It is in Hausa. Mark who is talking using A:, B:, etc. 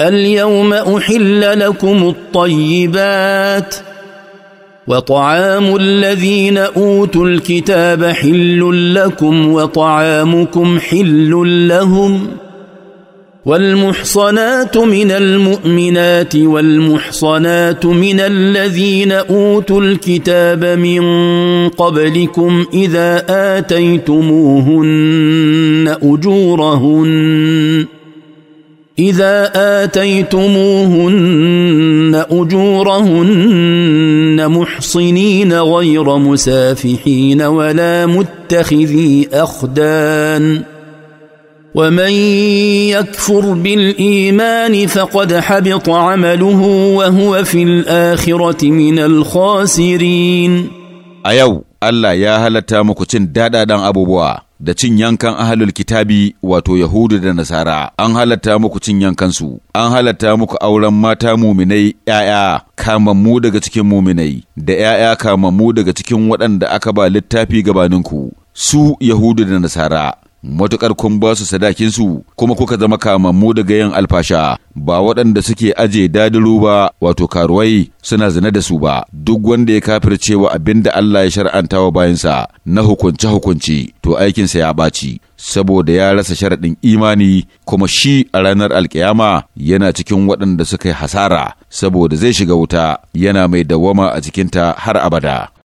A: اليوم احل لكم الطيبات وطعام الذين اوتوا الكتاب حل لكم وطعامكم حل لهم والمحصنات من المؤمنات والمحصنات من الذين اوتوا الكتاب من قبلكم اذا اتيتموهن اجورهن اذا اتيتموهن اجورهن محصنين غير مسافحين ولا متخذي اخدان ومن يكفر بالايمان فقد حبط عمله وهو في الاخره من
B: الخاسرين ايو الله يا هلتا مكتن دادا دان ابو بوا da cin yankan ahalul kitabi wato Yahudu da Nasara, an halatta muku cin yankansu, an halatta muku auren mata muminai ‘ya'ya kamammu daga cikin muminai, da ‘ya'ya kamammu daga cikin waɗanda aka ba littafi gabaninku, su Yahudu da Nasara. matuƙar kun ba su sadakinsu kuma kuka zama kamammu daga yin alfasha ba waɗanda suke aje dadiru ba wato karuwai suna zina da su ba duk wanda ya kafircewa abin da Allah ya shar'anta wa bayansa na hukunce hukunci to aikinsa ya ɓaci saboda ya rasa sharaɗin imani kuma shi a ranar alkiyama yana cikin waɗanda suka yi hasara saboda zai shiga wuta yana mai dawwama a cikinta har abada